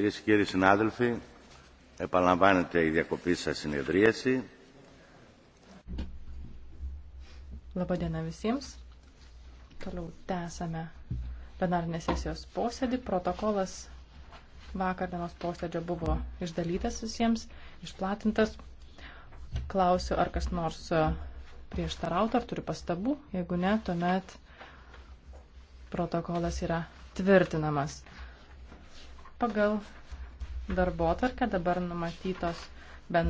Κυρίες και κύριοι συνάδελφοι, επαναλαμβάνεται η διακοπή σας συνεδρίαση. Labadiena visiems. Toliau tęsame plenarinės sesijos posėdį. Protokolas vakar dienos posėdžio buvo išdalytas visiems, išplatintas. Klausiu, ar kas nors e, prieštarautų, ar turi pastabų. Jeigu ne, tuomet protokolas yra tvirtinamas. Pagal darbo tarkę dabar numatytos bendros.